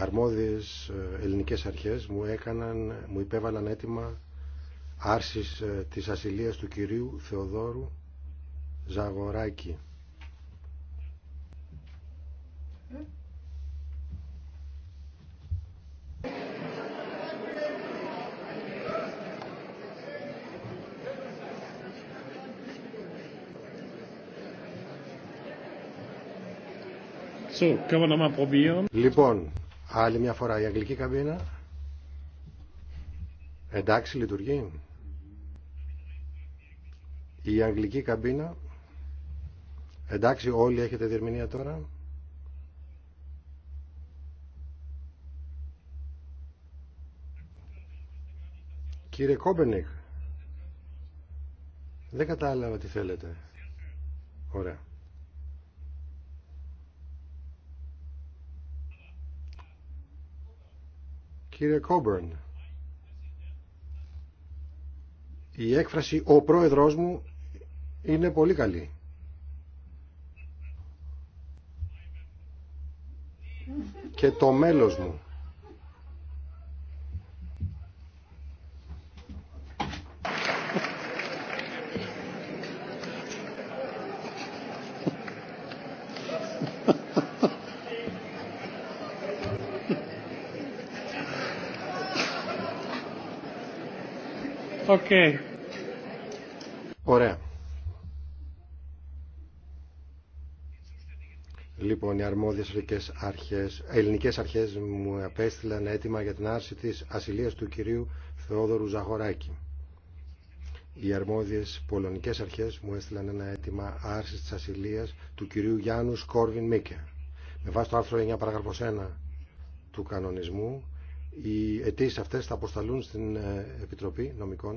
αρμόδιες ε, ελληνικές αρχές μου, έκαναν, μου υπέβαλαν έτοιμα άρσης ε, της ασυλίας του κυρίου Θεοδόρου Ζαγοράκη. Λοιπόν, Άλλη μια φορά η αγγλική καμπίνα. Εντάξει, λειτουργεί. Η αγγλική καμπίνα. Εντάξει, όλοι έχετε διερμηνία τώρα. Κύριε Κόμπενικ, δεν κατάλαβα τι θέλετε. Ωραία. Κύριε Κόμπερν, η έκφραση «ο πρόεδρός μου» είναι πολύ καλή. Και το μέλος μου. Okay. Ωραία. Λοιπόν, οι αρμόδιες ε, ελληνικέ αρχές, μου απέστειλαν έτοιμα για την άρση της ασυλία του κυρίου Θεόδωρου Ζαχωράκη. Οι αρμόδιες πολωνικές αρχές μου έστειλαν ένα αίτημα άρση της ασυλία του κυρίου Γιάννου Σκόρβιν Μίκε. Με βάση το άρθρο 9 παράγραφος 1 του κανονισμού οι αιτήσει αυτές θα αποσταλούν στην ε, Επιτροπή Νομικών